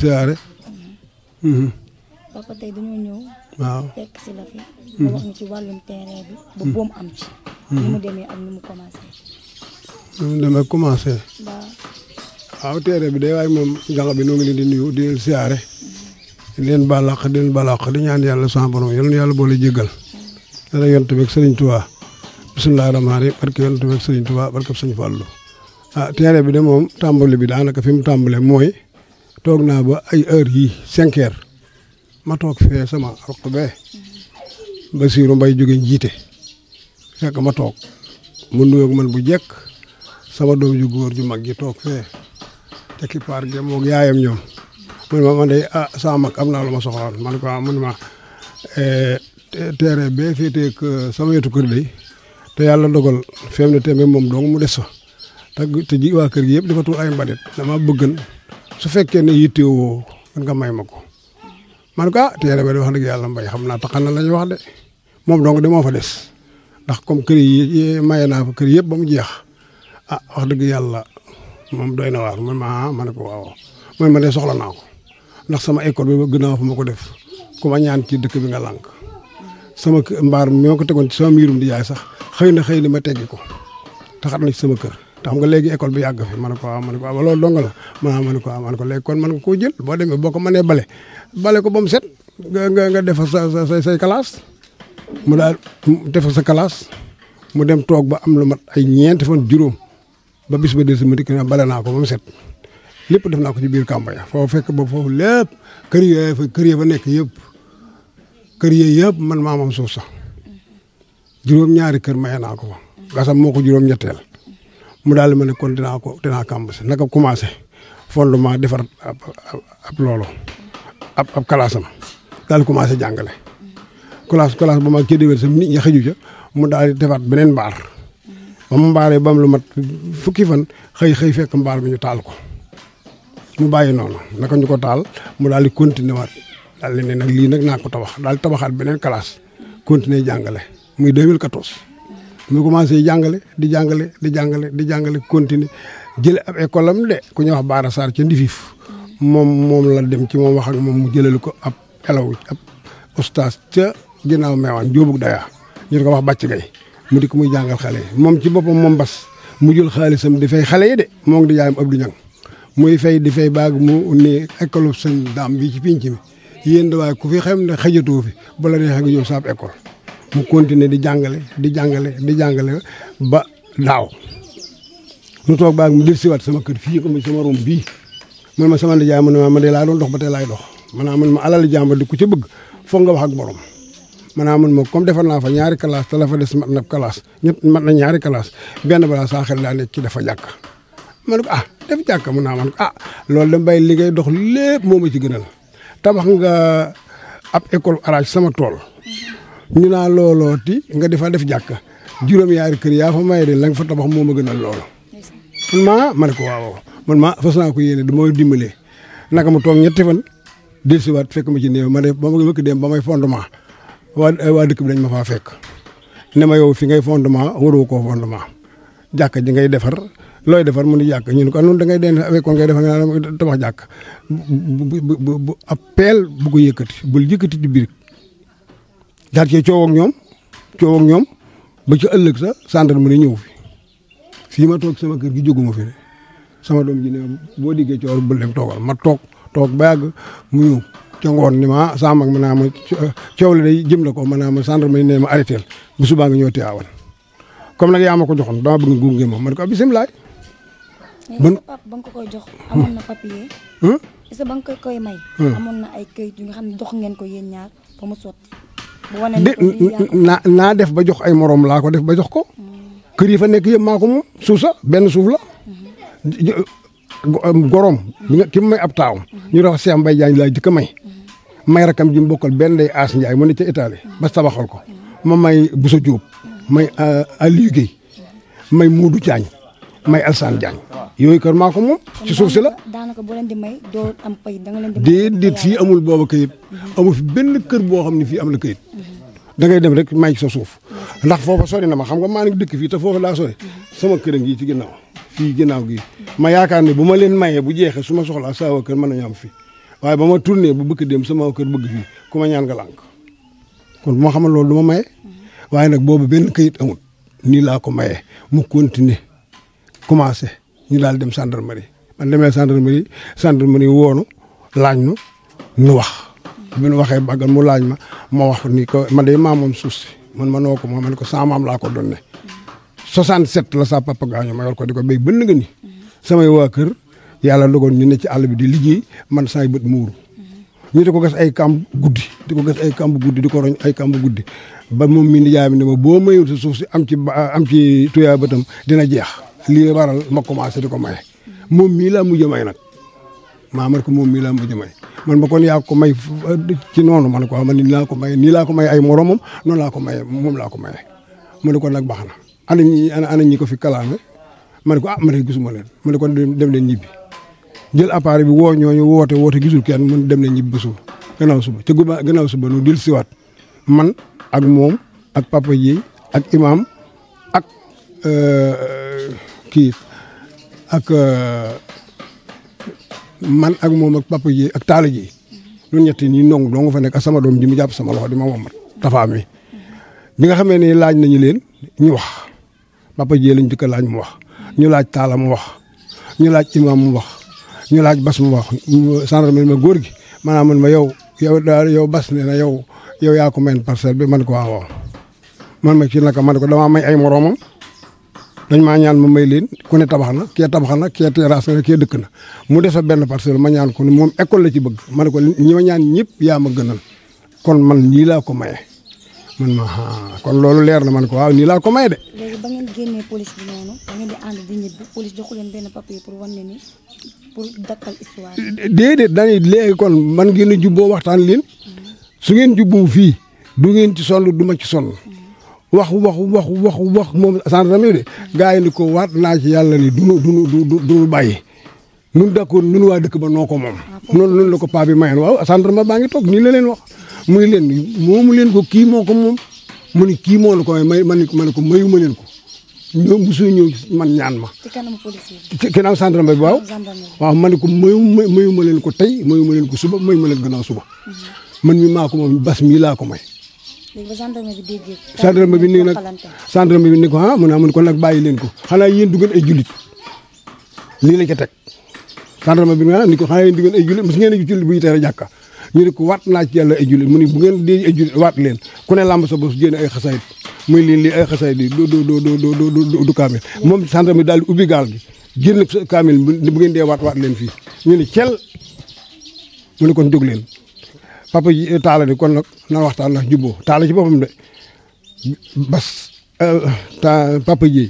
siyaare. papa mhm. tey dañoo ñëw. waaw fekk mhm. bi. ba mhm. boom am ci. ni bi day waaye moom gàncax bi noo ngi leen di nuyu di siyaare. di leen balaq di leen balaq di ñaan yàlla sama borom yal na yàlla boole jéggal. dana yonent bi ak Serigne Touba. bisimilah rahmaani rahiim barke yonent bi ak Serigne Touba barke Serigne Fallou. ah bi de moom tàmbali bi daanaka fi mu tàmbalee mooy. toog naa ba ay heure yii cinq ma toog fee sama roq bee Basiiru Mbay jóge jiite fekk ma toog mu nuyoog man bu jekk sama doom ju góor ju mag ji toog fee te kippaar gi moog yaayam ñoom man ma man de ah sama mag am naa lu ma soxlaan man ko ah, man ma eh, teere bee féetee ak sama wetu kër day te yàlla dogal fem ne tembe moom dong mu des fa te ji waa kër gi yëpp dafa tuur ay mbalit dama bëggën su fekkee ne yittewoo man nga may ma ko man ko ah téere ba de wax dëgg yàlla mbay xam naa taxan na la ñu wax de moom donc de moo fa des ndax comme kër yi maye naa fa kër yëpp ba mu jeex ah wax dëgg yàlla moom doy na waar man ma ah, ma ne ko waaw man ma de soxla naa ko ndax sama école bi gën a fa ma ko def ko ma ñaan ci dëkk bi nga lànk sama mbaar mi ma ko tegoon ci sama miirum di sax xëy na xëy na ma teggi ko taxat na ci sama kër. te xam nga léegi école bi yàgg fi ma ko waaw ma ne ko waaw la ma ne ko waaw ma ne ko léegi kon man nga koo jël boo demee boo ko mënee bale bale ko ba mu set nga nga nga defar sa sa say say mu daal defar sa kalaas mu dem toog ba am lu mat ay ñeenti fan juróom ba bis ba des mati na bale naa ko ba mu set lépp def naa ko ci biir Kambaya foofu fekk ba foofu lépp kër yooyu fa kër yooyu fa nekk yëpp kër yooyu yëpp man maa moom suuf sax juróom-ñaari kër maye naa ko fa gasam moo ko juróom mu daal ma ne kon dinaa ko dinaa ko embauché naka commencé fondement defar ab ab loolu ab ab kalaasam daal commencé jàngale. classe classe ba ma kii déwén sam nit ñi xëju ca mu daal di defaat beneen mbaar ba mu mbaaree ba mu lu mat fukki fan xëy xëy fekk mbaar bi ñu taal ko mu bàyyi noonu naka ñu ko taal mu daal di continué daal di ne nag lii nag naa ko tabax daal di tabaxaat beneen classe continué jàngale muy 2014. mu commencé jàngale di jàngale di jàngale di jàngale continuer jël ab école am de ku ñuy wax Baara Sarr ca Ndifif moom moom la dem ci moom wax ak moom mu jëlal ko ab elaw ab oustaz ca ginnaaw meewaan jóobug dayaa ñu ko wax bàcc gay mu di ko muy jàngal xale yi moom ci boppam moom bas mu jël xaalisam di fay xale yi de moo ngi di yaayam Abdou Niang muy fay di fay baag mu ne école seen daam bi ci pinc mi yéen da waaye ku fi xam ne xajatoo fi bala neexee nga ñëw saab école mu continuer di jàngale di jàngale di jàngale ba daaw mu toog baag mu def siwaat sama kër fii comme sama rom bii ma sama nijaay ma ne ma ma de laa doon ba tey laay dox man ma alal jàmba di ku ci bëgg foog nga wax ak borom maanaam man ma comme defar naa fa ñaari classe te la fa des mat na classe ñett mat na ñaari classe benn balaa saa xel daa nekk ci dafa jàkk ma ne ko ah def jàkk mun naa man ah loolu da mbay li ngay dox lépp moom ma ci gënal tabax nga ab école arage sama tool ñu looloo loolooti nga defa def jàkka juróom-yaari kër yaa fa may de la nga fa tabax moo ma gënal loolu. man maa ma ne ko waaw man maa fas naa ko yéene du ma dimbalee naka ma toog ñetti fan dellusiwaat fekk ma ci néew ma ne ba ma bëgg dem ba may fondement waa waa dañ ma faa fekk. ne ma yow fi ngay fondement waroo koo fondement jàkka ji ngay defar looy defar mu di jàkka ñu ne ko ah, noonu da ngay den kon ngay defar nga tabax jàkka bu bu bu appel bu ko yëkkati bul yëkkati di biir. daal cee coowoo ñoom coowoo ñoom ba ci ëllëg sa gendarmerie ñëw fi fii ma toog sama kër gi jóguma fi ne sama doom ji boo diggee coowal bu leen toogal ma toog toog ba yàgg mu ñëw ca ni ma saa mag ma naa ma coow la day jëm la ko ma naa ma gendarmerie ne ma arrêté bu subaa nga ñëw Tiwaawan yaa ma ko joxoon dama bëgg ma man ko ah, bisimilah. man ba nga ko koy jox amoon hmm? ba nga ko koy may. Hmm. amoon na ay këyit yu nga xam ne jox ko yéen ñaar ba mu sotti. naa naa def ba jox ay morom laa ko def ba jox ko. kër yi fa nekk yëpp maa ko moom benn suuf la. gorom bi nga ki may ab taawam. ñu doon wax Cheikh Mbaye Diagne laa jëkk may. may rakam ji mu bokkal benn day As Ndiaye mu ne ca Italie ba tabaxal ko. ma may Boussa Diop. may euh, Aliou may muudu Diagne. may Alsane Diagne. yooyu kër maa ko ci suuf si la daanaka boo leen di may doo am pay da nga leen fii amul booba kayit mhm. amul fi benn kër boo xam ne fii am na kayit mhm. da ngay dem rek may suuf ndax foofa sori na ma xam nga maa dëkk fii te foofa laa sori mhm. sama këram gii ci ginnaaw fii ginnaaw gi ma yaakaar ne bu ma leen mayee bu jeexee su ma soxlaa saa kër mën nañu am fii waaye ba ma tourné bu bëgg dem sama kër bëgg fii ku ma ñaan nga lànk kon bu ma xamal loolu du ma maye waaye nag boobu benn kayit amul nii laa ko mayee mu continuer commencé ñu laal dem gendarmerie man demee gendarmerie gendarmerie woonu laaj nu nu wax bi nu waxee bàggal mu laaj ma ma wax ni ko man de maa moom suuf si man ma noo ko ma man ko sama maam laa ko doon ne la sa papa gaañoo ma yor ko di ko béy bënn nga ni samay waa kër yàlla dogoon ñu ne ci àll bi di liggéey man saay bët muuru ñu di ko gas ay kamb guddi di ko gas ay kamb guddi di ko roñ ay kamb guddi ba moom mi nijaay mi ne boo mayul sa suuf si am ci am ci tuyaa bëtam dina jeex lii waral ma commencé di ko maye moom mii laa mujj a may nag maa man ko moom mii laa mujj may man ma kon yaa ko may euh, ci noonu man ko ah, man nii laa ko may nii laa ko may ay moromam noonu laa ko maye moom laa ko maye. ma ne ko nag baax na ana ñi ana ñi ko fi kalaame ma ne ko ah ma ne gisuma leen ma ne kon dem na ñibbi jël appareil bi woo ñooñu woote woote gisul kenn man dem leen ñibbi ba suba gannaaw suba te guba gannaaw suba nu dil siwaat man ak moom ak papa ji ak imam ak. Euh, kii ak euh, man ak moom ak papa ji ak taala ji ñun ñett ñi nongu doo nga fa nekk ak sama doom ji mu jàpp sama loxo di ma womat tafaa mi bi nga xamee ne laaj nañu leen ñu wax papa ji lañ jëkk laaj mu wax ñu laaj taala mu wax ñu laaj imam mu wax ñu laaj bas mu wax gendarme ma góor gi maanaam man ma yow yow daal yow bas nee na yow yow yaa ko mayoon parcelle bi man ko waaw man ma ci naka man ko damaa ma ay moroomam dañ maa ñaan ma may leen ku ne tabax na kee tabax na kee terrasse na kee dëkk na mu def sa benn parcelle ma ñaan ko ne moom école la ci bëgg ma ne ko ñi ma ñaan ñëpp yaa ma gënal kon man nii laa ko maye ah, kon loolu leer na man ko waaw nii laa ko maye de. léegi ba ngeen génnee police leen benn papier pour wan ne ni pour kon man ngeen a jubboo waxtaan leen mm-hmm. su ngeen jubboo fii du ngeen ci sonn du ma ci sonn. Mm-hmm. wax wax wax wax wax moom gendarmerie de gars yi ni ko waat naa ci yàlla ni duñu duñu duñu bàyyi nun d'accord nun waa dëkk ba noo ko moom ah, noonu noonu la ko paa bi mayoon waaw gendarme baa ngi toog nii la leen wax muy leen moomu leen ko kii moo ko moom mu ni kii moo la ko may ma ne ko mayu ma leen ko ñoom mosu ñëw man ñaan ma ci kanam police ci kanam gendarme bi waaw waaw ma ne ko mayu mayu ma leen ko tey mayu ma leen ko suba mayu ma leen gannaaw suba mhm. man mi maa ko moom bas mii laa ko may gendarme bi nii nag gendarme bi ni ah, ko ah mu ne kon nag bàyyi leen ko xanaa yéen du ngeen ay jullit lii la ca teg gendarme bi ah ni ko xanaa yéen du ngeen ay jullit mos ngeen ay jullit buy tere jàkka ñu ne ko waat naa ci yàlla ay jullit mu ne bu ngeen dee ay jullit waat leen ku ne làmb sa bos jéene ay xasaayit muy leen lii ay xasaayit yi du du du du du kaamil moom gendarme bi daal di ubbi gaal gi génn kaamil bu ngeen dee waat waat leen fii ñu ne cel mu ne kon jóg leen papa ji eh, taala di kon nag nan waxtaan ndax jubboo taala ci boppam de bas eh, papa ji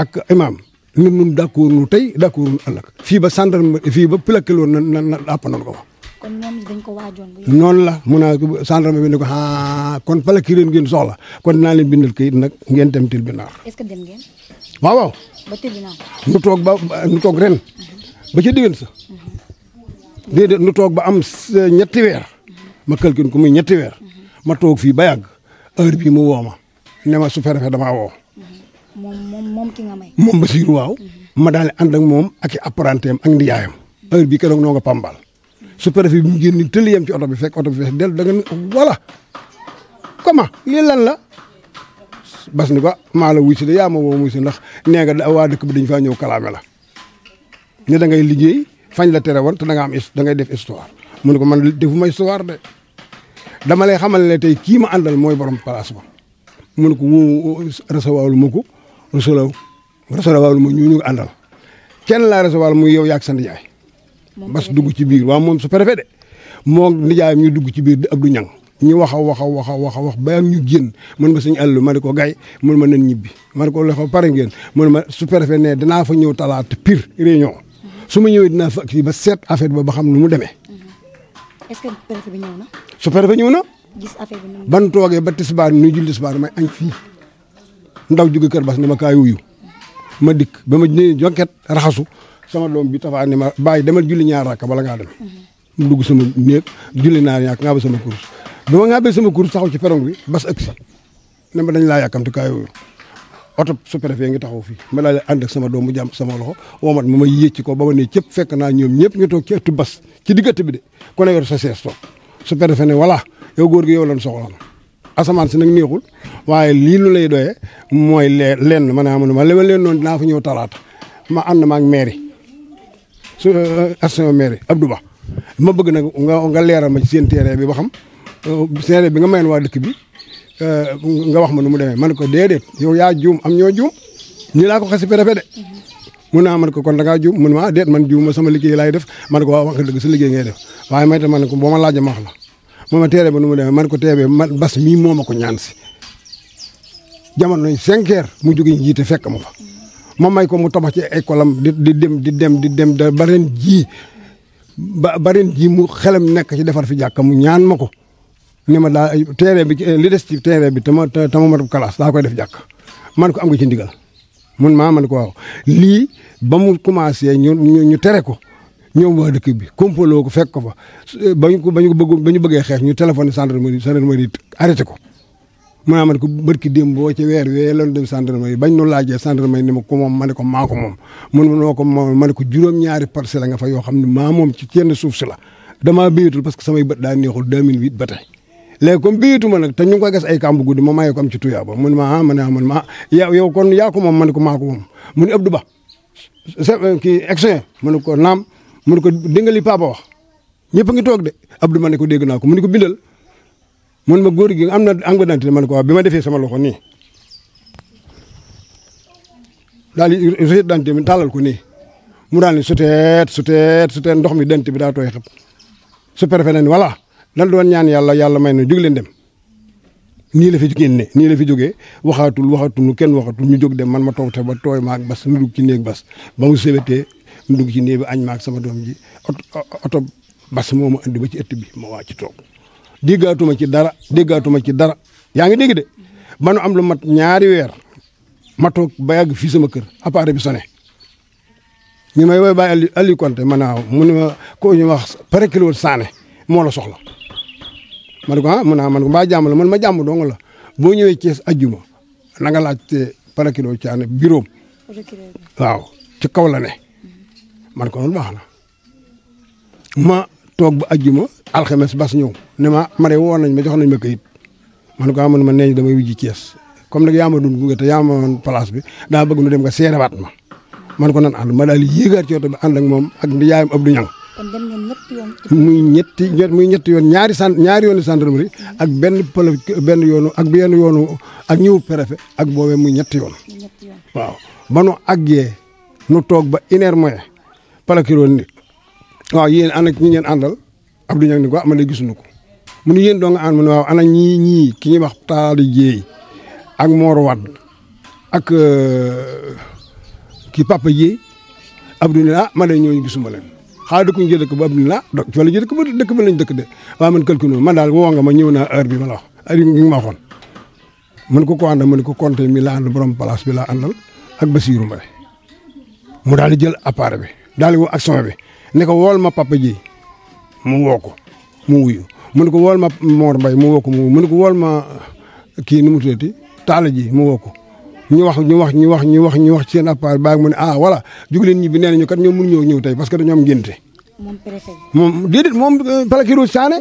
ak imam ñun ñun d'accord ñu tey d'accord ñu ëllëg fii ba gendarme fii ba plaqueloo na na na àpp ko fa. kon ñoom dañ ko waajoon bu la mun a gendarme bi ne ko ah kon plaqué leen ngeen soxla kon dinaa leen bindal kayit nag ngeen dem tribunal. est-ce que dem ngeen. nu toog ba nu toog ren. Mhm. ba ca diwén sa. Mhm. déedéet nu toog ba am eh, ñetti weer. ma kël calcule ko muy ñetti weer ma toog fii ba yàgg heure bii mu woo ma ne ma su fekkee damaa woo. moom moom waaw. ma daal di ànd ak moom ak i apprenti am ak ndiyaayam. heure bii keroog noo nga Pambal. su fi bi mu génn tëli yam ci oto bi fekk oto bi fees dellu da nga ni voilà comment lii lan la bas ni ba maa la wuy si de yaa ma woo wuy si ndax nee nga waa dëkk bi dañ faa ñëw kalaame la ne da ngay liggéey fañ la tere woon te da nga am da ngay def histoire mu ne ko man defuma histoire de dama lay xamal ne tey kii ma àndal mooy borom place ba mu ne ko woo recevoir lu ma ko recevoir recevoir lu ma ñu ñu àndal kenn laa recevoir muy yow yaak sa nijaay bas dugg ci biir waaw moom su préfet de moo nijaayam ñu dugg ci biir di Abdou Niang ñu wax a wax a wax wax wax ba génn mën ma suñu àll ma ne ko gay mën ma nen ñibbi ma ne ko la pare ngeen mën ma su préfet ne danaa fa ñëw talaata pire réunion mm-hmm. su ma ñëwee dinaa fa ak ba seet affaire ba ba xam nu mu demee est-ce que préfet bi ñëw na. su préfet ñëw na. gis affaire bi ban ba tisbaar nuy julli tisbaar may añ fii ndaw jóge kër bas ni ma kaay ma dikk ba ma ñëwee jokket raxasu sama doom bi tafaa ni ma bàyyi demal julli ñaar rakk bala ngaa dem. mu dugg sama néeg julli naa ñaar ngaa ba sama kurus ba ma ngaa sama kurus taxaw ci perong bi bas ëgg si ne ma dañ laa yàkkamti kaay wuyu. oto su ngi taxaw fii ma daal di ànd ak sama doom mu jàmm sama loxo woomat ma ma yéeg ci ko ba ma ne cëpp fekk naa ñoom ñëpp ñu toog ci ëttu bas ci diggante bi de ku ne yor sa sees toog su préfet ne voilà góor gi yow lan soxla na asamaan si nag neexul waaye lii lu lay doyee mooy lee lenn ma ne ma ne ma leen noonu naa fa ñëw talaata ma ànd ma ak mairie su euh, action mairie Abdou Ba ma bëgg nag nga nga leeral ma ci seen terrain bi ba xam euh, terrain bi nga mayoon waa dëkk bi. Euh, nga wax ma nu mu demee man ko déedéet yow yaa juum am ñoo juum nii laa ko xasi préfet de mun naa man ko kon da ngaa juum mun ma ah, déet man juum ma sama liggéey laay def man ko waaw wax nga dëgg sa liggéey ngay def waaye may tam man ko boo ma laajee ma wax la moo ma teeree ba nu mu demee man ko teebee man bas mii moo ko ñaan si jamono yi cinq heures mu jógee jiite fekk ma fa ma may ko mu tabax ci école am di di dem di dem di dem ba ren ji ba ba ren ji mu xelam nekk ci defar fi jàkka mu ñaan ma ko ni ma daa terrain bi li des ci terrain bi tama tama matub kalaas daa koy def jàkk man ko am nga ci ndigal mun maa man ko lii ba mu commencé ñu ñu tere ko ñoom waa dëkk bi fekk ko fa ba ñu ko ñu bëgg ba ñu bëggee ko mun naa boo ci weer wee lan dem gendarmerie bañ nu laajee ko moom ma ne ko moom mun noo ko moom ne ko juróom-ñaari parcelle yoo xam ne maa moom ci kenn suuf si la damaa béyatul parce que samay bët daa neexul 2008 ba tey léegi comme biyituma nag ta ñu ngi ko ges ay kàmb guddi ma maye ko am ci tuyaaba mu ne ma ah ma ne man ah ma ah yow kon yaa ko moom ma ne ko maa ko moom mu Ba kii excellent mu ne ko naam mu ne ko dingali papa wax ñëpp a ngi toog de Abdou ma ne ko dégg naa ko mun ne ko bindal mu ne ma góor gi am na am nga dantine ma ne ko waaw bi ma defee sama loxo nii daal di rejet dante mi tàllal ko nii mu daal ni su teet ndox mi dant bi daa tooy su préfet na ni voilà lan doon ñaan yàlla yàlla may na jóg leen dem nii la fi génne nii la fi jógee waxaatul waxaatul kenn waxatul ñu jóg dem man ma toog te ba tooy maak bas nu dugg ci néeg bas ba mu sewetee nu dugg ci néeg bi añ maag sama doom ji oto bas moo ma andi ba ci ëtt bi ma waa ci toog déggaatuma ci dara déggaatuma ci dara yaa ngi dégg de ba nu am lu mat ñaari weer ma toog ba yàgg fii sama kër appareil bi sonné ñu may woy bàyyi Aliou Aliou Konté ma ne mu ma koo ñu wax pare kilo Sané moo la soxla ma ne ko ah mun naa man ko mbaa jàmm la man ma jàmm dong la boo ñëwee Thiès ajjuma na nga laajte parakilo caane bureau waaw ci kaw la ne man ko loolu baax na ma toog ba ajjuma alxames bas ñëw ne ma mare woon nañ ma jox nañ ma kayit man ko ah man ma nee damay wujji Thiès comme nag yaa ma doon gunge te yaa bi daa bëgg nu dem nga seerewaat ma man ko nan ànd ma daal di yéegaat ci bi ànd ak moom ak ndi yaayam Abdou Niang kon dem ngeen ñetti yoon. muy ñetti muy ñetti yoon ñaari sant ñaari yoonu gendarmerie ak benn pël benn yoonu ak benn yoonu ak ñëw préfet ak boobee mu ñetti yoon. waaw ba nu àggee nu toog ba une heure moyen palakiroo ni waaw yéen ana ñi ngeen àndal Abdou Niang ni ko ah mu ne yéen doo nga ànd mu ne ki ñuy wax Taali Jéey ak Mor Wad ak euh, ki Papa Jéey Abdou ne ah ma lay ñooñu gisuma xaa dëkkuñu ci dëkk ba am na donc wala ci dëkk ba dëkk ba lañ dëkk de waaw man calcul man daal woo nga ma ñëw naa bi ma la wax heure bi ma mën ko ko àndal mën ko compté mi laa àndal borom place bi laa àndal ak mu daal di jël appareil bi daal di woo action bi ne ko wool ma papa ji mu woo ko mu wuyu ko wool ma Mor Mbaye mu woo ko mu wuyu mën ko wool ma kii nu mu tuddati Talla ji mu woo ko ñu wax ñu wax ñu wax ñu wax ñu wax ci seen appareil baa mu ne ah voilà jug leen ñibbi nee nañu kat ñoom mënuñoo ñëw tey parce que dañoo am ngénte. moom préfet bi moom déedéet moom euh, procureur Sané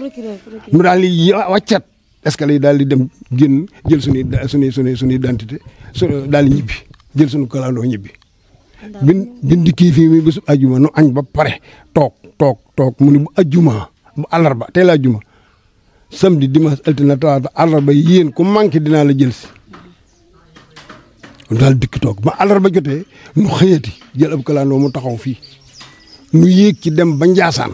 mu daal ah, wàccat est-ce que lay daal di dem génn jël suñuy suñuy suñuy suñuy identité su daal di ñibbi jël suñu kalandoo ñibbi. bin bin dikkii fii mi bés bu ajjuma nu añ ba pare toog toog toog mu ne bu ajjuma bu àllarba tey la ajjuma samedi dimanche altine talaata ba yéen ku manqué dinaa la jël si. ñu daal dikk toog ba àllarba jotee nu xëyati jël ab kalandoo mu taxaw fii nu yéeg ci dem ba Njaasaan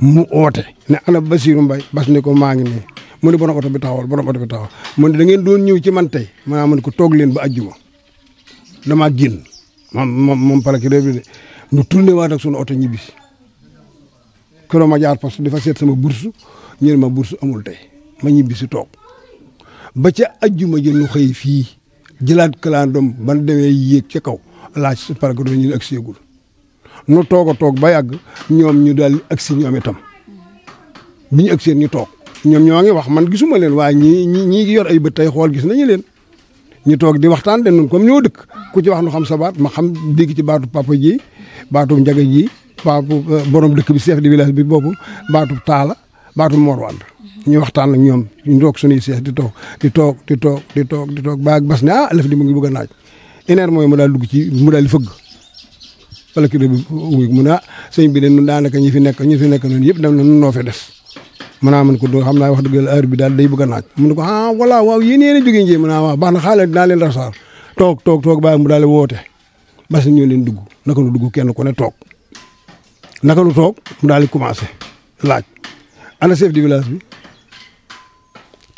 mu oote ne ana Basiru Mbay bas ne ko maa ngi ne mu ne borom oto bi taxawal borom oto bi taxawal da ngeen doon ñëw ci man tey maanaam mu ne ko toog leen ba àjjuma damaa génn moom moom moom pare ki bi de nu tourné waat ak sunu oto ñibbisi keroog ma jaar poste dafa seet sama bursu ñu ne ma bursu amul tey ma ñibbisi toog ba ca àjjuma jël nu xëy fii. jëlaat kalandoom ban dewee yéeg ca kaw laaj su parce que ñu agsi gul nu toog a toog ba yàgg ñoom ñu daal agsi ñoom itam bi ñu agsee ñu toog ñoom ñoo ngi wax man gisuma leen waaye ñii ñii ñii yor ay bët tey xool gis nañu leen ñu toog di waxtaan de nun comme ñoo dëkk ku ci wax nu xam sa baat ma xam dégg ci baatu papa ji baatu njaga ji baatu euh, borom dëkk bi chef de village bi boobu baatu taala baatu morwand ñu waxtaan ak ñoom ñu toog suñuy sees di toog di toog di toog di toog di toog baag bas ne ah lëf di mu ngi bëgg a naaj une heure mooy mu daal dugg ci mu daal di fëgg wala kii bi mu ne ah sëñ bi de ñun daanaka ñi fi nekk ñi fi nekk noonu yëpp dem na noo fee des mën naa mën ko xam naa wax dëgg yàlla heure bi daal day bëgg a naaj mu ne ko ah voilà waaw yéen yéen a jógee njee mën naa ah, waaw baax na xaaral dinaa leen rasaar toog toog toog baag mu daal di woote bas ñoo leen dugg naka nu dugg kenn ku ne toog naka nu toog mu daal di commencé laaj ana chef di village bi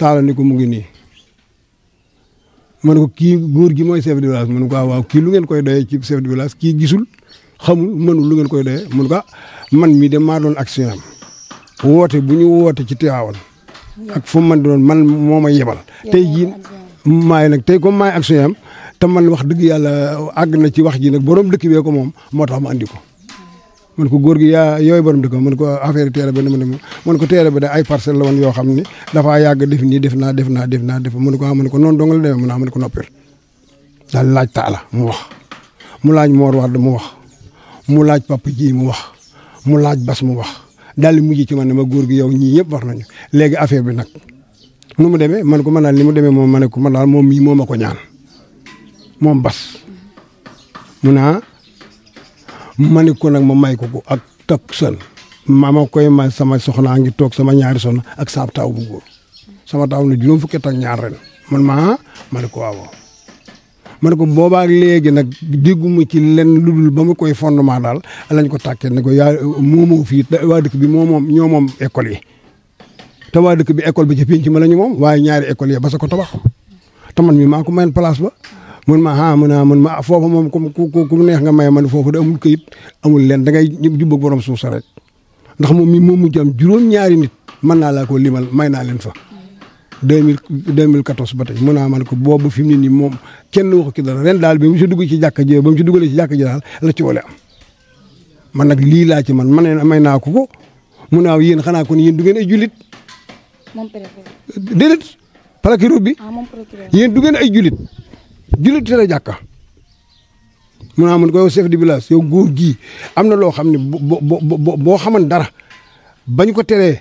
taala ni ko mu ngi nii ma ne ko kii góor gi mooy seef de village ma ne ko ah, waaw kii lu ngeen koy doyee ci chef de village kii gisul xamul mënul lu ngeen koy doyee ma ne ah, man mii de maa doon action am woote bu ñu woote ci Tiwaawan ak fu man doon man moom a yebal tey jii maay nag tey comme maay action am te man wax dëgg yàlla àgg na ci wax ji nag borom dëkk bee ko moom moo tax ma andi ko man ko góor gi yaa yooyu borom dëkk man ko affaire teere ba ne ma ne ma ko teere bi da ay parcelle la woon yoo xam ne dafaa yàgg def nii def naa def naa def naa def man ko ah man ko noonu a la demee man ah man ko noppil daal laaj taala mu wax mu laaj Mor Wade mu wax mu laaj Papa jii mu wax mu laaj Bas mu wax daal di mujj ci man ne ma góor gi yow ñii ñëpp wax nañu léegi affaire bi nag nu mu demee man ko ma daal ni mu demee moom ma ne ko moom mii moo ma ko ñaan moom Bas mu naa ma ne ko nag ma may ko ko ak takkusaan ma ma koy ma sama soxnaa ngi toog sama ñaari soxna ak saab taaw bu góor sama taaw na juróom fukki at ak ñaar ren man maa ma ne ko ne ko boobaa léegi nag dégguma ci lenn lu dul ba ma koy fondement daal lañ ko tàkkee ne ko yaa mu fii waa dëkk bi moo moom ñoo moom école yi te waa dëkk bi école bi ci pénc ma la ñu moom waaye ñaari école yi ba sa ko tabax te man mi maa ko mayoon place ba mun ma ah mun a mun ma ah, foofu moom ku ku ku neex nga may man foofu da amul këyit amul leen da ngay jubboog borom suuf sa rek ndax moom mi moom mu jam juróom-ñaari nit mën naa laa ko limal may naa leen fa. 2000 2014 ba tey mun naa man ko boobu fi mu ne nii moom kenn waxu ki dara ren daal bi mu si dugg ci jàkka ji ba mu si dugalee ci jàkka ji daal la ci man nag lii laa ci man man may naa ko ko mu naaw yéen xanaa kon yéen du ngeen julit jullit. moom préfet déedéet. procureur bi. ah moom yéen du ay jullit. jullit tere jàkka mun naa mën ko yow chef de village yow góor gii am na loo xam ne boo boo xaman dara bañ ko teree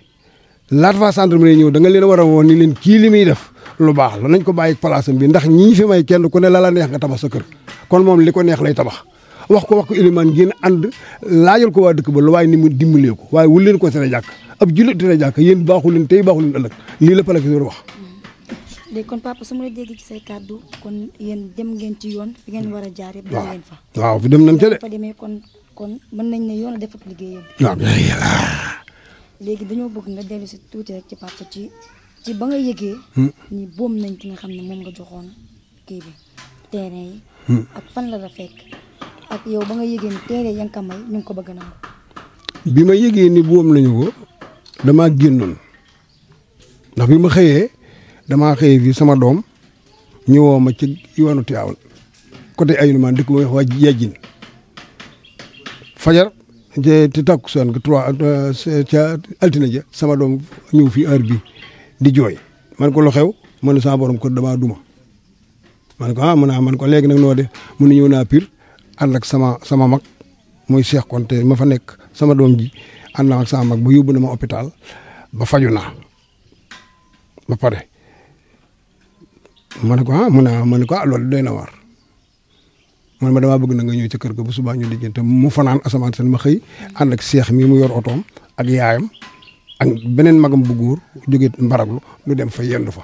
laata faa gendarmerie ñëw da nga leen war a woon ni leen kii li muy def lu baax la nañ ko bàyyi place bi ndax ñii fi may kenn ku ne la la neex nga tabax sa kër kon moom li ko neex lay tabax wax ko wax ko ilimaan ngeen ànd laajal ko waa dëkk ba lu waaye ni mu dimbalee ko waaye wul leen ko tere jàkk ab jullit tere jàkk yéen baaxu te tey baaxu leen ëllëg lii la palakisoor wax léegi kon papa su ma la déggee ci say kàddu kon yéen dem ngeen ci yoon fi ngeen war a jaar yëpp. dem fa dem nañ ca de. fa demee kon kon mën nañ ne yoon a defat liggéeyam. waaw yàlla. léegi dañoo bëgg nga dellu si tuuti rek ci papa ci ci ba nga yëgee. Hmm. ni boom nañ ki nga xam ne moom nga joxoon kii bi terrain yi. Hmm. ak fan la la fekk. ak yow ba nga yëgee ni terrain yaa ngi ko may ñu ngi ko bëgg na bi ma yëgee ni boom nañu ko damaa génnoon ndax bi ma xëyee. dama xëy fii sama doom ñëwoo ma ci yoonu Tiwaawan côté ay numaan dëkk booy wax fajar je ci takkusaan ga trois euh, ca altine ja sama doom ñëw fii heure bi di jooy man ko lu xew man sama borom ko dama duma man ko ah man man ko léegi nag noo de mun ñëw naa pir ànd ak sama sama mag muy Cheikh Konte ma fa nekk sama doom ji ànd naa ak sama mag ba yóbbu na ma hôpital ba faju naa ba pare ma ne ko ah mun naa ma ne ko ah loolu doy na waar man ma damaa bëgg na nga ñëw ci kër ga bu subaa ñu lijjante mu fanaan asamaan seen ma xëy ànd ak seex mi mu yor otoom ak yaayam ak beneen magam bu góor jóge mbaraglu lu dem fa yendu fa.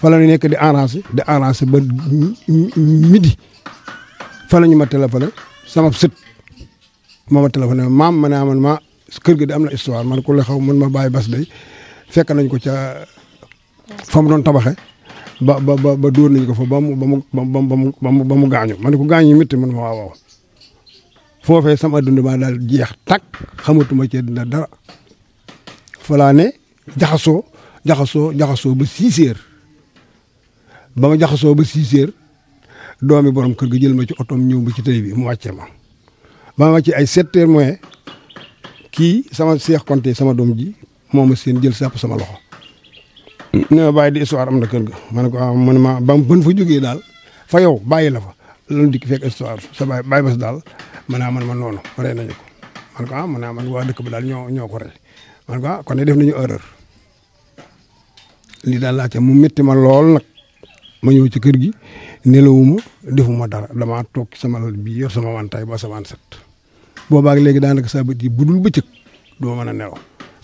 fa la ñu nekk di arrangé di arrangé ba midi fa la ñu ma téléphoné sama sët moo ma téléphoné maam ma ne ah, man ma kër gi di am na histoire man ku la xaw man ma bàyyi bas day fekk nañ ko ca fa doon tabaxe ba ba ba dóor nañ ko fa ba mu ba mu ba mu ba mu gaañu ma ne ko gaañu métti man ma waaw waaw foofee sama dund maa daal jeex takk xamatuma ci dara falaa ne jaxasoo jaxasoo jaxasoo ba six heures ba ma jaxasoo ba six heures doomi borom kër ga jël ma ci otoom ñëw ba ci tey bi mu wàcce ma ba ma ci ay sept heures moins kii sama seex konte sama doom ji moom seen jël sàpp sama loxo ne ma bàyyi di histoire am na kër ga ma ne ko ah man ma ba ban fa jógee daal fa yow bàyyi la fa loolu dikk fekk histoire sa bàyyi bàyyi bas daal ma ne ah man ma noonu rey nañu ko ma ne ko ah ma ne ah man waa dëkk ba daal ñoo ñoo ko rey ma ne ko ah kon ne def nañu erreur lii daal laajte mu métti ma lool nag ma ñëw ci kër gi nelawuma defuma dara dama toog sama lal bi yor sama wantaay ba sama set boobaag léegi daanaka saa bët yi budul bëccëg doo mën a nelaw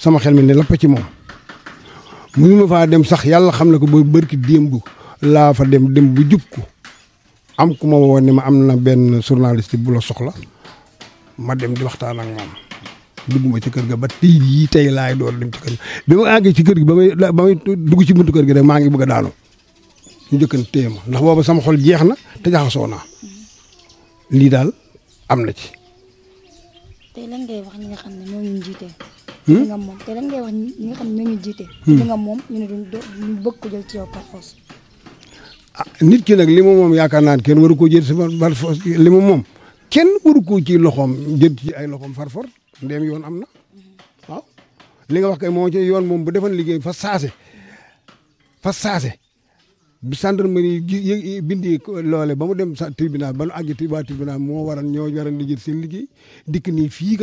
sama xel mi ne lapp ci moom. mënuma faa dem sax yàlla xam ne ko ba bërki démb laa fa dem dem bu jub ko am ku ma woo ne ma am na benn journaliste bu la soxla ma dem di waxtaan ak dugg ma ci kër ga ba tey jii tey laay door dem ci kër gi ci kër gi ba may ba may dugg ci buntu kër gi rek maa ngi bëgg a daanu ñu njëkkan téye ma ndax boobu sama xol jeex na te jaxasoo naa lii daal am na ci. tey lan ngay wax ñi ne moom ñu jiite li hmm? nga moom te lan wax ñi nga ne ñoo jiite. li hmm. nga moom ñu ne duñ duñ ci yow par ah nit ki nag li mu moom yaakaar naa kenn waru koo jël si par force li mu moom kenn waru koo ci loxoom jël ci ay loxoom far for yoon am na waaw. nga wax kay moo ci yoon moom bu defoon liggéey fa saase fa saase bi gendarmerie yi bindi loole ba mu dem tribunal ba nu àgg waa tribunal moo waral ñoo waral liggéey seen liggéey dikk nii fii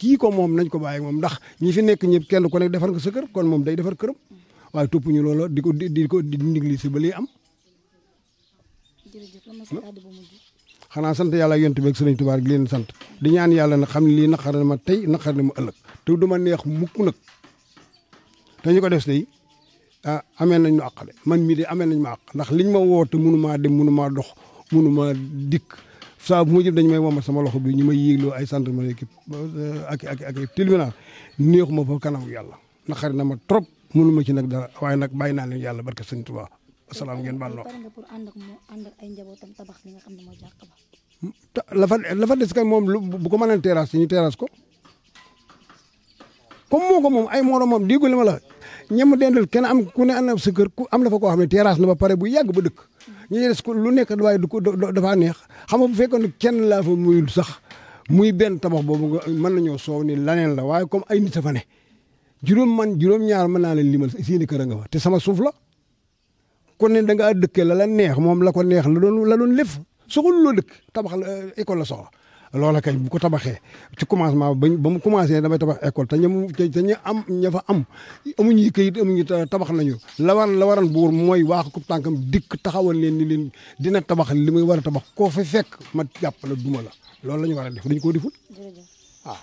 kii ko moom nañ ko bàyyi moom ndax ñi fi nekk ñëpp kenn ku nekk defar nga sa kër kon moom day defar këram waaye topp ñu loola di ko di ko di ndigli si ba lii am. jërëjëf xanaa sant yàlla ak yonent bi ak sëriñ Tuubaa gi leen sant di ñaan yàlla na xam ne lii naqar na ma tey naqar na ma ëllëg te du ma neex mukk nag te ñu ko def tey a ah, amee nañ ñu àqale man mii de amee nañ ma àq ndax liñ ma woote mënu maa dem mënu maa dox mënu maa dikk. saa bu ma jëm dañu may womba sama loxo bi ñu may yéegloo ay gendarmerie ak ak ak tribunal neexu ma fa kanam yàlla naqari na ma trop mënu ma ci nag dara waaye nag bàyyi naa leen yàlla barka sëñ Tuubaa asalaam ngeen baal loo pour ànd ak moom ànd ak xam ne ba la fa la des kay moom bu ko mënee terrasse ñu terrasse ko comme moo ko moom ay morom moom déggu li ma la ñem dendal kenn am ku ne am na sa kër ku am na fa koo xam ne terrasse na ba pare bu yàgg ba dëkk ñi ko lu nekk waaye du ko dafa neex xam nga bu fekkoon ne kenn laa fa muyul sax muy benn tabax boobu nga mën nañoo soow ni laneen la waaye comme ay nit a fa juróom man juróom-ñaar mën naa leen limal seeni kër a nga fa te sama suuf la kon ne da ngaa dëkkee la la neex moom la ko neex la doon la doon lëf soxul loo dëkk tabax la la soxla loola kay bu ko tabaxee ci commencement ba ba mu commencé damay tabax école te ñamu te ña am ña fa am amuñu këyit amuñu tabax nañu la war la waran buur mooy waax ko tànkam dikk taxawal leen ni leen dina tabax li muy war a tabax koo fa fekk ma jàpp la duma la loolu la ñu war a def dañ koo deful waaw